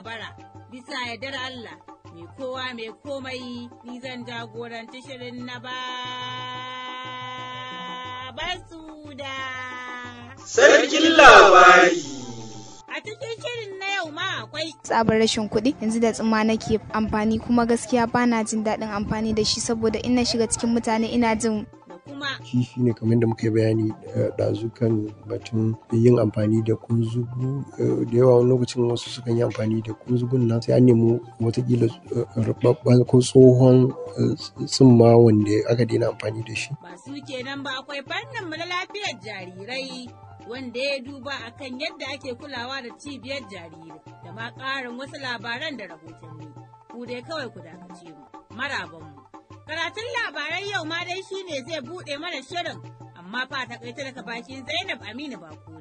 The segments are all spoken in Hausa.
bara bisa yardar Allah mai kowa mai komai ni zan jagoranci shirin na ba su da sarkin labari a cikin shirin na yau ma akwai tsabar rashin kuɗi yanzu da tsumma nake amfani kuma gaskiya bana jin daɗin amfani da shi saboda ina shiga cikin mutane ina jin kuma kifi ne kamar da muka bayani eh, ɗazu kan batun yin amfani da kunzugu eh, da yawa wani lokacin wasu sukan yi amfani da kunzugun nan sai an nemi watakila eh, rubabban ko tsohon tsumma wanda aka daina amfani da shi. Masu kenan ba akwai fannin mu na lafiyar jarirai wanda ya duba akan yadda ake kulawa da cibiyar jarirai da ma ƙarin wasu labaran da rahotanni. Ku dai kawai ku dakace mu. Marabanmu. Karatun labaran yau ma dai shi ne zai buɗe mana shirin amma fa ta kai daga bakin Zainab Aminu Bako.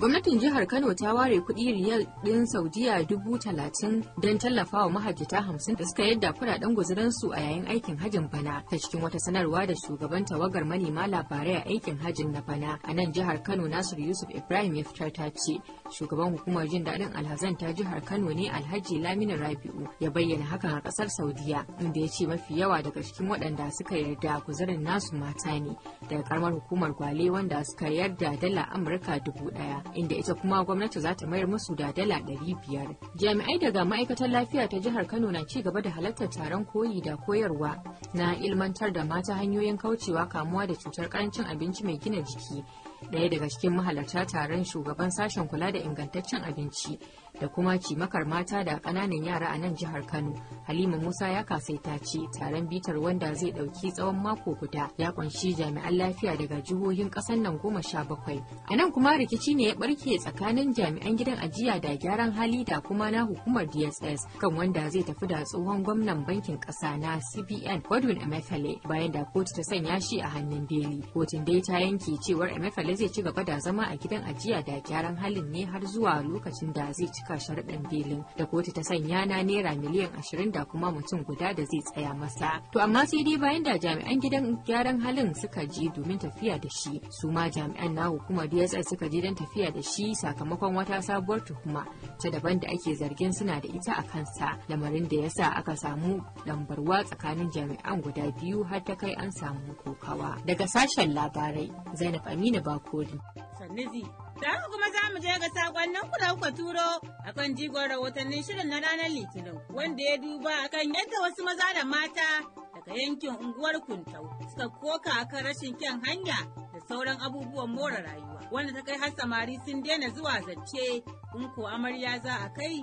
gwamnatin jihar kano ta ware kuɗi riyal ɗin saudiya dubu talatin don tallafa wa mahajjata hamsin da suka yadda kuɗaɗen guzuransu a yayin aikin hajin bana ta cikin wata sanarwa da shugaban tawagar manema labarai a aikin hajin na bana a nan jihar kano nasiru yusuf ibrahim ya fitar ta ce shugaban hukumar jin daɗin alhazan ta jihar kano ne alhaji laminu rabi'u ya bayyana hakan a ƙasar saudiya inda ya ce mafi yawa daga cikin waɗanda suka yarda guzurin nasu mata ne daga karamar hukumar gwale wanda suka yarda dala amurka dubu ɗaya inda ita kuma gwamnati za ta mayar musu da dala ɗari biyar. Jami'ai daga ma'aikatar lafiya ta jihar Kano na ci gaba da halartar taron koyi da koyarwa na ilmantar da mata hanyoyin kaucewa kamuwa da cutar karancin abinci mai gina jiki. Ɗaya daga cikin mahalarta taron shugaban sashen kula da ingantaccen abinci da kuma cimakar mata da ƙananan yara a nan jihar Kano. Halima Musa ya kasaita ce taron bitar wanda zai ɗauki tsawon mako guda ya ƙunshi jami'an lafiya daga jihohin ƙasar nan goma sha bakwai. A nan kuma rikici ne ya ɓarke tsakanin jami'an gidan ajiya da gyaran hali da kuma na hukumar DSS kan wanda zai tafi da tsohon gwamnan bankin ƙasa na CBN Godwin Emefiele bayan da kotu ta sanya shi a hannun beli. Kotun dai ta yanke cewar Emefiele zai ci gaba da zama a gidan ajiya da gyaran halin ne har zuwa lokacin da zai cika sharuɗin belin da kotu ta sanya na naira miliyan ashirin da kuma mutum guda da zai tsaya masa. To amma sai dai bayan da jami'an gidan gyaran halin suka je domin tafiya da shi su ma jami'an na hukumar DSS suka je don tafiya da shi sakamakon wata sabuwar tuhuma ta daban da ake zargin suna da ita a kansa lamarin da yasa aka samu lambarwa tsakanin jami'an guda biyu har ta kai an samu kokawa. Daga sashen labarai Zainab Aminu Bakori. Sannizi Da haka kuma za mu je ga sakonnin ku da kuka turo a kan jigon rahotannin shirin na ranar Litinin wanda ya duba kan yadda wasu maza da mata daga yankin unguwar Kuntau suka koka kan rashin kyan hanya da sauran abubuwan more rayuwa wanda ta kai har samari sun daina zuwa zance in ko amarya za a kai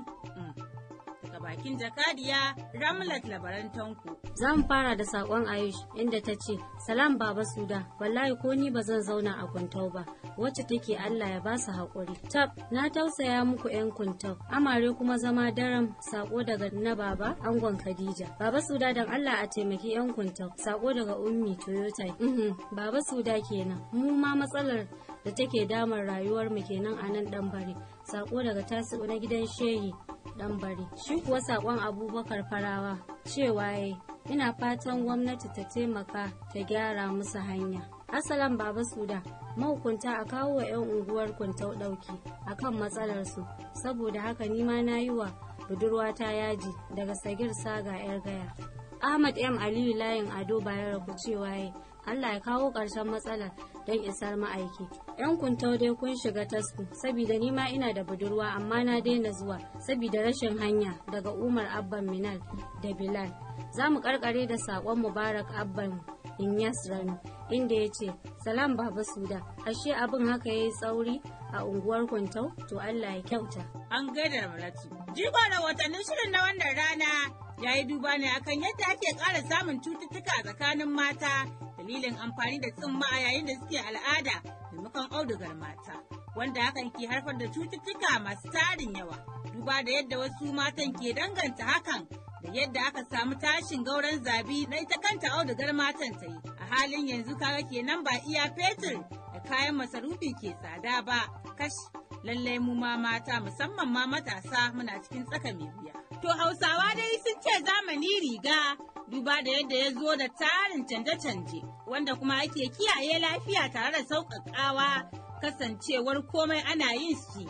bakin jakadiya Ramlat labaran tanku. Za fara da saƙon Ayush inda ta ce, Salam Baba Suda, wallahi ko ni ba zan zauna a kuntau ba, wacce take Allah ya ba su haƙuri. Tab, na tausaya muku 'yan kuntau, amare kuma zama daram sako daga na Baba Angon Khadija. Baba Suda dan Allah a taimaki 'yan kuntau, Sako daga Ummi Toyota. Mm-hmm. Baba Suda kenan, mu ma matsalar da take damar rayuwar mu kenan a nan ɗan bare. Sako daga tasi'u na gidan shehi dan bari shi kuwa saƙon abubakar farawa cewa yayi ina fatan gwamnati ta taimaka ta gyara musu hanya asalan baba suda mahukunta a kawo wa 'yan unguwar kuntau ɗauki a kan matsalarsu saboda haka nima na yi wa budurwa ta yaji daga sagir saga 'yar gaya ahmad m aliyu layin ado bayero ku cewa Allah ya kawo ƙarshen matsalar don isar ma'aiki. ‘Yan kuntau dai kun shiga tasku, saboda ni ma ina da budurwa amma na daina zuwa, sabida rashin hanya daga Umar Abban Minal da Bilal. Za mu karkare da saƙon Mubarak Abban Inyas Rano, inda ya ce, Salam Baba Suda, ashe abin haka ya yi tsauri a unguwar kuntau, to Allah ya kyauta. An gaida da Malatu. Jigo da watannin shirin na wannan rana ya yi duba ne akan yadda ake ƙara samun cututtuka a tsakanin mata dalilin amfani da tsumma a yayin da suke al'ada maimakon audugar mata wanda hakan ke haifar da cututtuka masu tarin yawa duba da yadda wasu matan ke danganta hakan da yadda aka samu tashin gauran zabi na ita kanta audugar matan ta yi a halin yanzu kaga kenan ba iya fetur da kayan masarufi ke tsada ba kash lallai mu ma mata musamman ma matasa muna cikin tsaka mai wuya to hausawa dai sun ce zamani riga duba da yadda ya zo da tarin canje-canje wanda kuma ake kiyaye lafiya tare da sauƙaƙawa kasancewar komai ana yin shi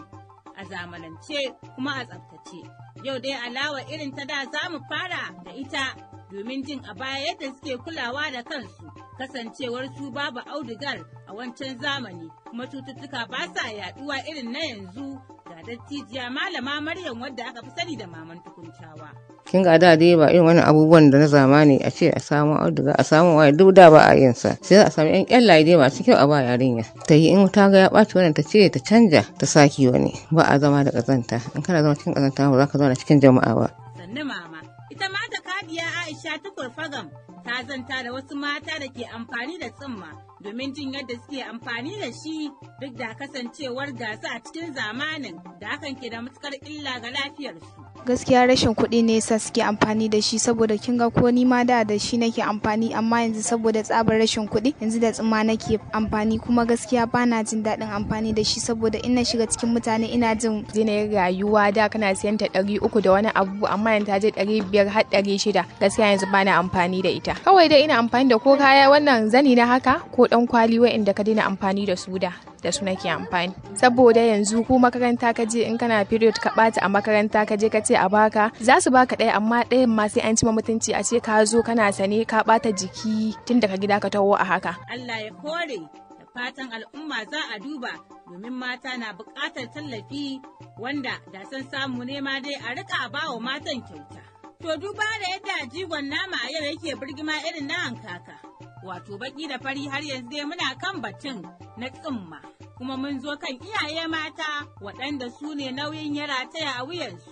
a zamanance kuma a tsaftace. Yau dai alawa irin ta da za mu fara da ita domin jin a baya yadda suke kulawa da kansu kasancewar su babu audigar a wancan zamani kuma cututtuka ba sa yaduwa irin na yanzu ga dattijiya malama Maryam wadda aka fi sani da maman tukuntawa. kin ga da dai ba irin wani abubuwan da na zamani a ce a samu auduga a samu waya duk da ba a yin sa sai a samu yan kyallaye dai masu kyau a ba yarinya ta yi in ta ga ya ɓaci wannan ta ce ta canja ta saki wani ba a zama da kazanta in kana zama cikin kazanta ba za ka zauna cikin jama'a ba sannu mama ita ma ta kadiya Aisha ta kurfagam ta zanta da wasu mata da ke amfani da tsumma domin jin yadda suke amfani da shi duk da kasancewar gasa a cikin zamanin da hakan ke da matukar illa ga lafiyarsu. Gaskiya rashin kuɗi ne sa suke amfani da shi saboda kin ga ko ni ma da da shi nake amfani amma yanzu saboda tsabar rashin kuɗi yanzu da tsima nake amfani kuma gaskiya bana jin daɗin amfani da shi saboda ina shiga cikin mutane ina jin zinayin rayuwa da kana siyan ta ɗari uku da wani abu amma yanzu ta je ɗari biyar har ɗari shida gaskiya yanzu bana amfani da ita kawai dai ina amfani da ko kaya wannan zani na haka ko ɗan kwali wa'inda ka daina amfani da su da da su nake amfani saboda yanzu ko makaranta ka je in kana period ka bata a makaranta ka je ka ce a baka za su baka ɗaya amma ɗayan ma sai an ci mutunci a ce ka zo kana sane ka bata jiki tun daga gida ka taho a haka Allah ya kore da fatan al'umma za a duba domin mata na buƙatar tallafi wanda da san samu nema dai a rika bawa matan kyauta. To duba da yadda jigon nama a yau yake birgima irin na hankaka. wato baki da fari har yanzu dai muna kan batun na tsimma kuma mun zo kan iyaye mata waɗanda su ne nauyin ya rataya a wuyansu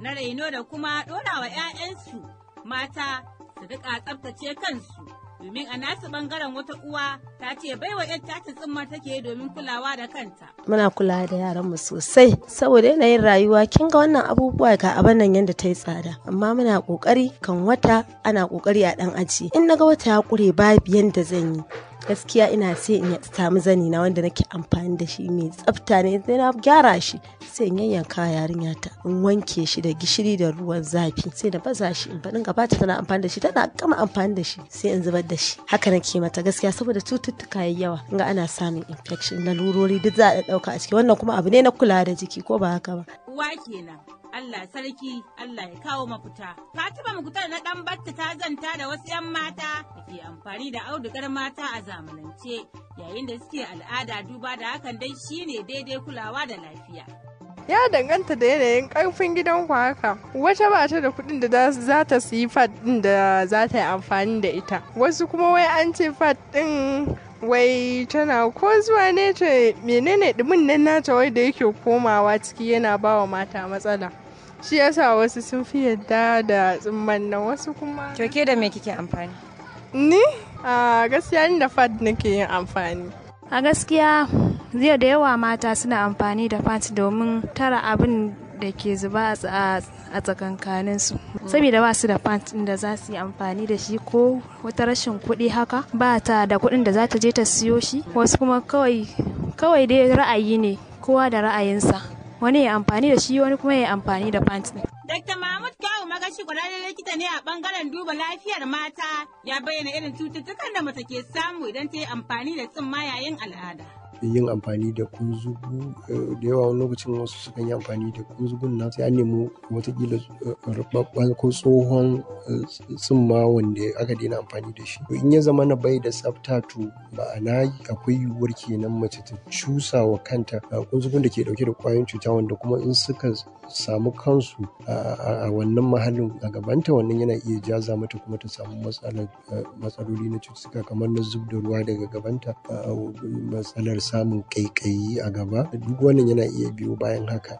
na raino da kuma ɗora wa 'ya'yansu mata su riƙa tsabtace kansu domin a nasu bangaren wata uwa ta ce baiwa yar tatin tsimmar take domin kulawa da kanta. Muna kula da yaran mu sosai saboda yanayin rayuwa kin ga wannan abubuwa ga abin nan yanda ta yi tsada amma muna kokari kan wata ana kokari a dan aji in naga wata ya kure babu yadda zan yi gaskiya ina sai in samu zani na wanda nake amfani da shi mai tsafta ne sai na gyara shi sai in yayyanka yarinya ta in wanke shi da gishiri da ruwan zafi sai na baza shi in faɗin gaba ta tana amfani da shi tana kama amfani da shi sai in zubar da shi haka nake mata gaskiya saboda cututtuka yayi yawa in ana samun infection na lurori duk za a ɗauka a ciki wannan kuma abu ne na kula da jiki ko ba haka ba uwa kenan Allah sarki Allah ya kawo mafita. Fatima Mukhtar na ɗan batta ta zanta da wasu 'yan mata da ke amfani da audugar mata a zamanance yayin da suke al'ada duba da hakan dai shine daidai kulawa da lafiya. ya danganta da yanayin karfin gidan ku haka wata ba ta da kuɗin da za ta siyi fad ɗin da za ta yi amfani da ita wasu kuma wai an ce fat ɗin wai tana ko zuwa ne ta menene dumin nan nata wai da yake komawa ciki yana ba wa mata matsala shi yasa wasu sun fi yadda da tsumman nan wasu kuma kyauke ke da me kike amfani ni a gaskiya ni da fad nake yin amfani a gaskiya zai da yawa mata suna amfani da fat domin tara abin da ke zuba a a su. saboda ba su da pant da za su yi amfani da shi ko wata rashin kuɗi haka ba ta da kuɗin da za ta je ta siyo shi wasu kuma kawai kawai dai ra'ayi ne kowa da ra'ayinsa wani ya amfani da shi wani kuma ya amfani da pant ɗin. Dr. Mahmud Kawu Magashi kwararren likita ne a bangaren duba lafiyar mata ya bayyana irin cututtukan da mata ke samu idan ta yi amfani da tsumma yayin al'ada. yin amfani da kunzugu eh, da yawa wani lokacin wasu sukan yi amfani da kunzugun nan sai an nemi watakila eh, rubabban ko tsohon eh, tsumma wanda aka daina amfani da shi to in ya zama na bai da tsafta to ma'ana akwai yiwuwar kenan mace ta cusa wa kanta kunzugun da ke dauke da kwayoyin cuta wanda kuma in suka samu kansu a wannan mahallin a gabanta wannan yana iya jaza mata kuma ta samu matsaloli na cututtuka kamar na zub da ruwa daga gabanta a matsalar samun ƙaiƙayi a gaba duk wannan yana iya biyo bayan haka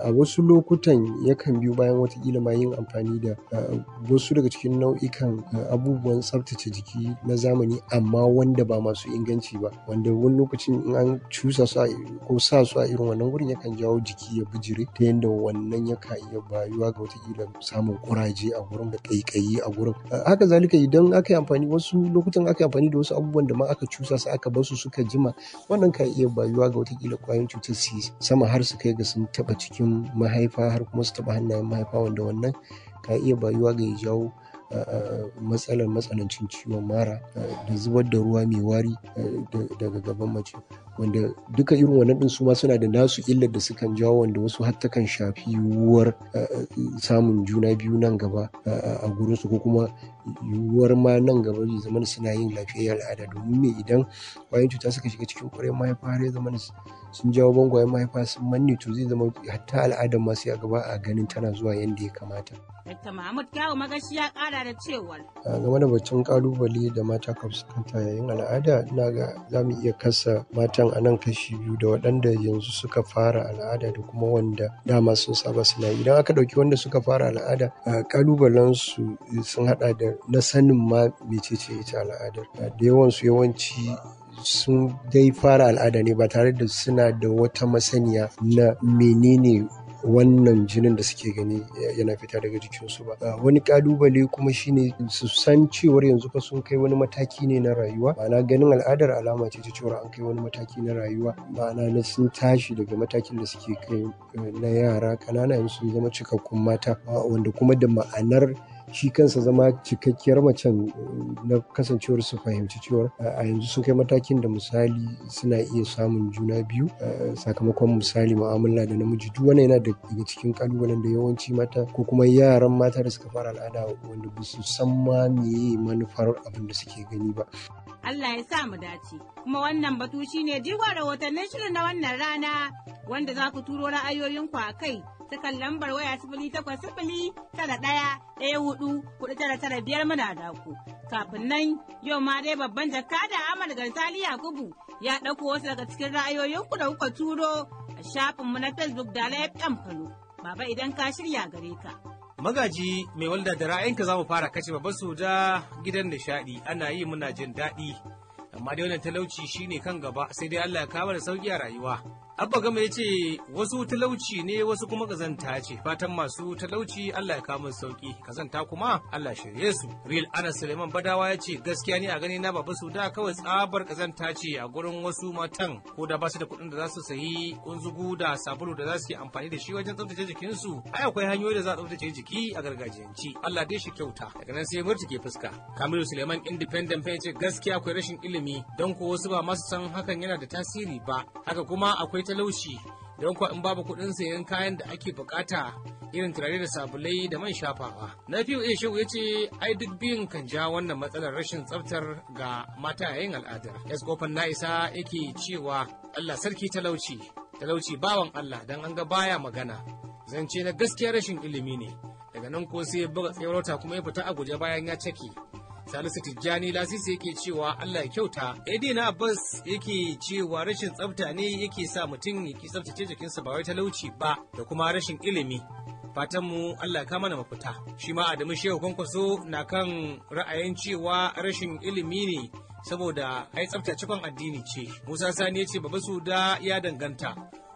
a wasu lokutan yakan biyo bayan watakila ma yin amfani da wasu daga cikin nau'ikan abubuwan tsaftace jiki na zamani amma wanda ba masu inganci ba wanda wani lokacin in an cusa su ko sa su a irin wannan wurin yakan jawo jiki ya bijire ta yadda wannan yakan iya bayuwa ga watakila samun kuraje a wurin da ƙaiƙayi a wurin. haka zalika idan aka amfani wasu lokutan aka yi amfani da wasu abubuwan da ma aka cusa su aka basu suka jima wannan kan iya bayuwa ga watakila ƙwayoyin cutar su sama har su kai ga sun taɓa cikin mahaifa har kuma su taɓa hannayen mahaifa wanda wannan ka iya bayuwa ga ya jawo matsalar matsanancin ciwon mara da zubar da ruwa mai wari daga gaban mace wanda duka irin wannan din su ma suna da nasu illar da sukan jawo wanda wasu hatta kan shafi yiwuwar eh, eh, samun juna biyu nan gaba eh, a gurin ko kuma yiwuwar ma nan gaba zai zama suna yin ya al'ada domin me idan kwayoyin cuta suka shiga cikin kwarai mahaifa har ya zama sun jawo bangwayen mahaifa sun manne to zai zama hatta al'adar ma sai a gaba a ganin tana zuwa yadda ya kamata. Dr. Mahmud Kyawu Magashi ya kara da cewar. Game da batun kalubale da mata kan yayin al'ada ina ga za mu iya kasa matan a nan kashi biyu da waɗanda yanzu suka fara al'ada da kuma wanda dama sun saba suna yi idan aka ɗauki wanda suka fara al'ada kalubalen su sun haɗa da na sanin ma mecece ita al'adar da yawansu yawanci sun dai fara al'ada ne ba tare da suna da wata masaniya na menene wannan jinin da suke gani yana fita daga jikinsu ba ah, wani kalubale kuma shine su san cewar yanzu fa sun kai wani mataki ne na rayuwa ma'ana ganin al'adar alama ce ta cewar an kai wani mataki na rayuwa ma'ana na sun tashi daga matakin da suke kai eh, na yara ƙanana yanzu sun zama cikakkun mata ah, wanda kuma da ma'anar shi kansa zama cikakkiyar macen eh, na kasancewar su fahimci cewar a yanzu sun kai matakin da misali suna iya samun juna biyu sakamakon misali mu'amala da namiji duk wani yana daga cikin kalubalen da yawanci mata ko kuma yaran mata da suka fara al'ada wanda ba su san ma manufar abin da suke gani ba Allah ya sa mu dace. Kuma wannan batu shine jigon rahotannin shirin na wannan rana wanda za ku turo ra'ayoyinku a kai ta kan lambar waya sifili takwas sifili tara ɗaya ɗaya hudu kuɗi tara tara biyar muna da ku. Kafin nan yau ma dai babban jakada Ahmad Gansali Yakubu ya ɗauko wasu daga cikin ra'ayoyinku da kuka turo a shafinmu na Facebook da Live falo Baba idan ka shirya gare ka. Magaji mai walda da ra'ayinka za mu fara kace babban su da gidan nishaɗi ana yi muna jin daɗi. Amma dai wannan talauci shine kan gaba sai dai Allah ya kawo da sauƙi a rayuwa. Abba Gama ya ce wasu talauci ne wasu kuma kazanta ce fatan masu talauci Allah ya kama sauki kazanta kuma Allah shirye su. Real Anas Suleiman Badawa ya ce gaskiya ne a gani na baba su da kawai tsabar kazanta ce a gurin wasu matan ko da ba su da kuɗin da za su sayi unzugu da sabulu da za su yi amfani da shi wajen tsaftace jikinsu. Ai akwai hanyoyi da za a tsaftace jiki a gargajiyanci. Allah dai shi kyauta. Daga nan sai murtuke fuska. Kamilu Suleiman Independent ya ce gaskiya akwai rashin ilimi don ko wasu ba masu san hakan yana da tasiri ba. Haka kuma akwai talauci don kuwa in babu kuɗin sayan kayan da ake bukata irin turare da sabulai da man shafawa. Na fiye eh, ya shehu ya ce ai duk biyun kan ja wannan matsalar rashin tsaftar ga mata yayin al'adar. Eskofan na isa yake cewa Allah sarki talauci, talauci bawan Allah don an ga baya magana. Zance na gaskiya rashin ilimi ne. Daga nan ko sai ya buga tsayarota kuma ya fita a guje bayan ya cake. Salisu Tijjani Lasisi yake cewa Allah ya kyauta. Edina Abbas yake cewa rashin tsafta ne yake sa mutum ya ki tsaftace jikinsa ba wai talauci ba da kuma rashin ilimi. fatan mu Allah ka mana mafita. Shi ma Adamu Shehu Kwankwaso na kan ra'ayin cewa rashin ilimi ne saboda ai tsaftace cikon addini ce. Musa Sani ya ce baba su da ya danganta.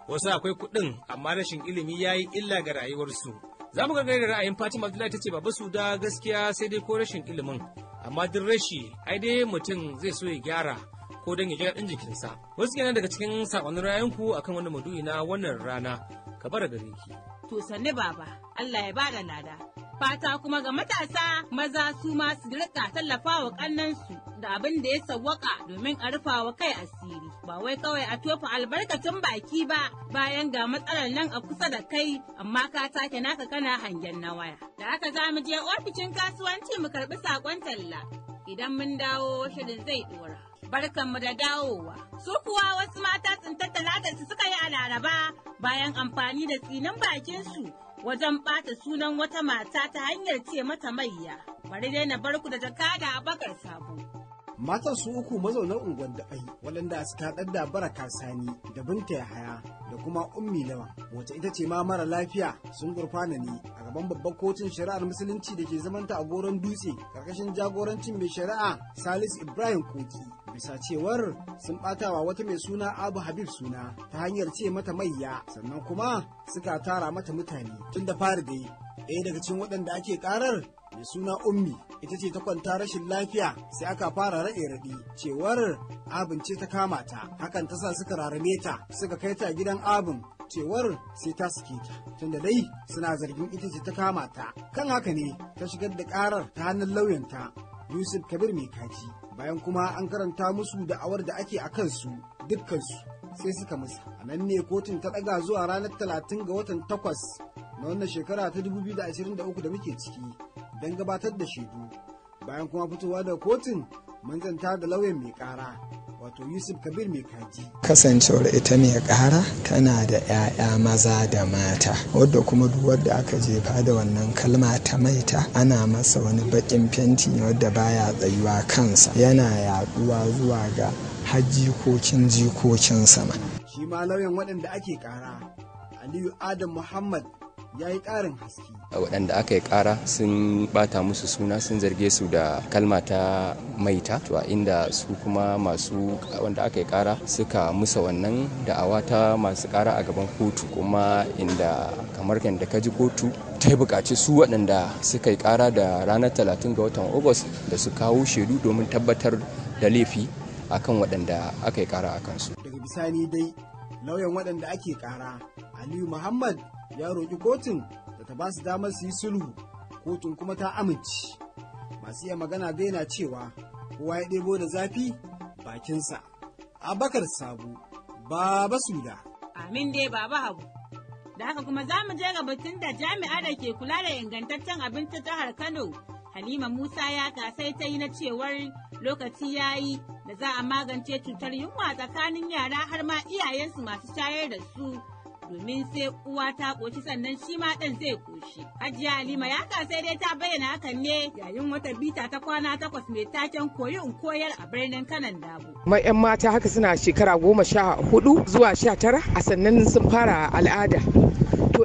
Wasu akwai kuɗin amma rashin ilimi ya yi illa ga rayuwarsu. Za mu da ra'ayin Fatima Abdullahi ta ce baba su da gaskiya sai dai ko rashin ilimin. amma duk rashi ai dai mutum zai so ya gyara ko don ya ji daɗin jikinsa wasu kenan daga cikin saƙonin rayanku akan wani madu'i na wannan rana ka bar gare ki to sanne baba Allah ya bada lada Fata kuma ga matasa maza su ma su rika tallafa wa kannansu da abin da ya sawwaka domin a rufa wa kai asiri. Ba wai kawai a tofa albarkacin baki ba bayan ga matsalar nan a kusa da kai amma ka take naka kana hangen na waya. Da aka za mu je ofishin kasuwanci mu karɓi sakon talla. Idan mun dawo shirin zai ɗora. barkanmu da dawowa. Su kuwa wasu mata sun tattala da su suka yi a laraba bayan amfani da tsinin su wajen ɓata sunan wata mata ta hanyar ce mata mayya. Bari dai na barku da jakada a bakar sabo. Matan su uku mazaunan unguwar da waɗanda su ta da baraka sani da binta ya haya da kuma ummi lawa, wacce ita ce ma mara lafiya sun gurfana ne a gaban babbar kotun shari'ar musulunci da ke zamanta a goron dutse karkashin jagorancin mai shari'a salis ibrahim koki bisa cewar sun batawa wata mai suna abu habib suna ta hanyar ce mata mayya sannan kuma suka tara mata mutane tun da fari dai ɗaya daga cikin waɗanda ake karar mai suna ummi ita ce ta kwanta rashin lafiya sai aka fara raɗe raɗe cewar abin ce ta kama ta hakan ta sa suka rarame ta suka kai ta gidan abin cewar sai ta suke ta tunda dai suna zargin ita ce ta kama ta kan haka ne ta shigar da karar ta hannun lauyanta yusuf kabir mai kaji bayan kuma an karanta musu da'awar da ake a kansu dukkansu sai suka musa a nan ne kotun ta ɗaga zuwa ranar talatin ga watan takwas na wannan shekara ta 2023 da muke ciki don gabatar da shaidu bayan kuma fitowa da kotun manzanta da lauyan mai kara wato yusuf kabir mai kaji kasancewar ita mai kara tana da 'ya'ya maza da mata wadda kuma duk wadda aka jefa da wannan kalma ta maita ana masa wani bakin fenti wadda baya tsayuwa kansa yana yaduwa zuwa ga hajjikokin jikokin sama shi ma lauyan waɗanda ake kara aliyu adam muhammad ya yi ƙarin haske. waɗanda aka yi ƙara sun bata musu suna sun zarge su da kalma ta maita to a inda su kuma masu wanda aka yi ƙara suka musa wannan da'awa ta masu kara a gaban kotu kuma inda kamar yadda ka ji kotu ta yi buƙaci su waɗanda suka yi ƙara da ranar talatin ga watan agus da su kawo shaidu domin tabbatar da laifi akan waɗanda aka yi ƙara a kansu. daga bisani dai lauyan waɗanda ake ƙara aliyu muhammad ya roƙi kotun da ta ba su damar su yi sulhu kotun kuma ta amince masu iya magana dai na cewa kowa ya ɗebo da zafi bakinsa abakar sabu baba suda amin dai baba habu da haka kuma za mu je ga batun da jami'a da ke kula da ingantaccen abinci jihar kano halima musa ya kasai ta yi na cewar lokaci ya yi da za a magance cutar yunwa tsakanin yara har ma iyayensu masu shayar da su domin sai uwa ta ƙoshi sannan shi ma ɗan zai ƙoshi. Hajiya Halima ya ka sai dai ta bayyana hakan ne yayin wata bita ta kwana takwas mai taken koyi in koyar a birnin kanan dabu. Kuma 'yan mata haka suna shekara goma sha hudu zuwa sha tara a sannan sun fara al'ada.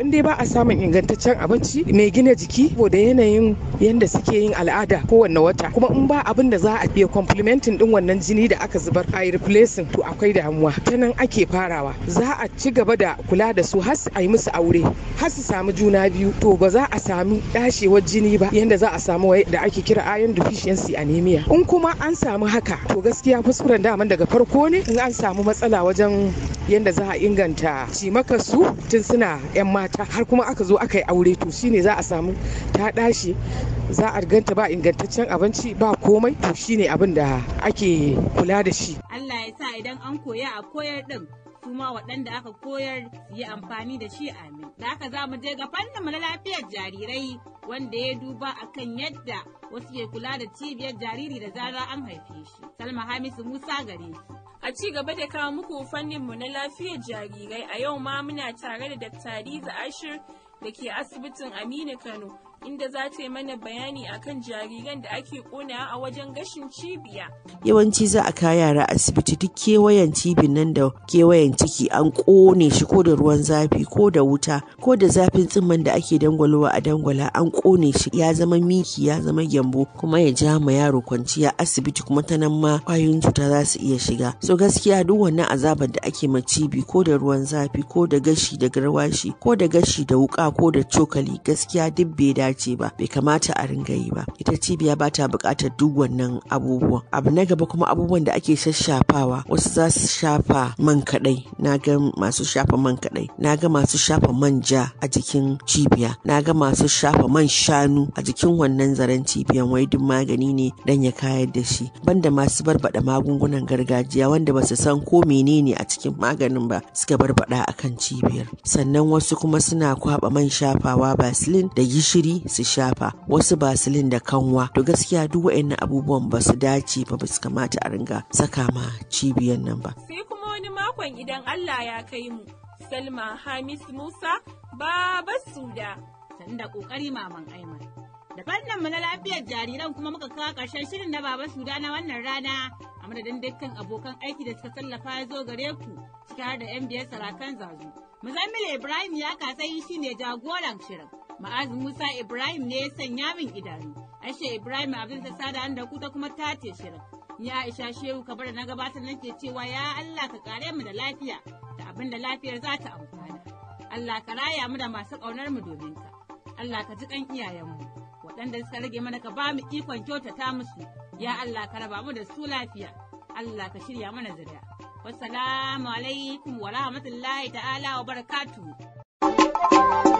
dai ba a samun ingantaccen abinci mai gina jiki da yanayin yadda suke yin al'ada kowanne wata kuma in ba abin da za a biya complimenting din wannan jini da aka zubar a replacing to akwai damuwa ta nan ake farawa za a ci gaba da kula da su har su a yi musu aure har su samu juna biyu to ba za a samu dashewar jini ba yadda za a samu da ake kira iron deficiency anemia in kuma an samu haka to gaskiya kuskuren daman daga farko ne in an samu matsala wajen yadda za a inganta cimakar su tun suna 'yan mata har kuma aka zo aka yi aure to shine za a samu ta dashi za a ganta ba ingantaccen abinci ba komai to shine abin da ake kula da shi Allah ya sa idan an koya a koyar din kuma waɗanda aka koyar yi amfani da shi amin. Da aka za mu je ga fannin na lafiyar jarirai wanda ya duba akan yadda wasu ke kula da cibiyar jariri da zarar an haife shi. Salma Hamisu Musa gare A ci gaba da kawo muku mu na lafiyar jarirai a yau ma muna tare da Dr. Hadiza Ashir da ke asibitin Aminu Kano. inda za ta yi mana bayani akan jariran da ake kona a wajen gashin cibiya. Yawanci za a kawo yara asibiti duk kewayen cibin nan da kewayen ciki an kone shi ko da ruwan zafi ko da wuta ko da zafin tsimman da ake dangwalowa a dangwala an kone shi ya zama miki ya zama gyambo kuma ya ja ma yaro kwanciya asibiti kuma ta nan ma kwayoyin cuta za su iya shiga. So gaskiya duk wannan azabar da ake ma cibi ko da ruwan zafi ko da gashi da garwashi ko da gashi da wuka ko da cokali gaskiya duk bai dace ba bai kamata a ringa yi ba ita cibiya ba ta buƙatar duk wannan abubuwan abu na gaba kuma abubuwan da ake shafawa wasu za su shafa man kaɗai na ga masu shafa man kaɗai na ga masu shafa manja a jikin cibiya na ga masu shafa man shanu a jikin wannan zaren cibiyan wai duk magani ne dan ya kayar da shi banda masu barbaɗa magungunan gargajiya wanda ba su san ko menene a cikin maganin ba suka barbaɗa akan cibiyar sannan wasu kuma suna kwaba man shafawa basilin da gishiri su shafa wasu basilin da kanwa to gaskiya duk wa'annan abubuwan ba su dace ba su kamata a ringa saka ma cibiyan nan ba sai kuma wani makon idan Allah ya kai mu Salma Hamis Musa Baba Suda da kokari maman Aiman da fannin mu na lafiyar jariran kuma muka kawo ƙarshen shirin na Baba Suda na wannan rana a madadin dukkan abokan aiki da suka tallafa ya zo gare ku ciki har da 'yan biyar sarakan zazu. Muzammil Ibrahim ya kasai shi ne jagoran shirin. Ma'azin Musa Ibrahim ne ya sanya min idanu. Aisha Ibrahim abin ta sada da ku ta kuma tace shirin. Ni Aisha Shehu kabar da na gabatar nake cewa ya Allah ka kare mu da lafiya da abin da lafiyar za ta amfana. Allah ka raya mu da masu ƙaunar mu domin ka. Allah ka ji kan iyayenmu. Waɗanda suka rage mana ka ba mu ikon kyautata musu. Ya Allah ka raba mu da su lafiya. Allah ka shirya mana zuriya. Wassalamu alaikum wa rahmatullahi ta'ala wa barakatuhu.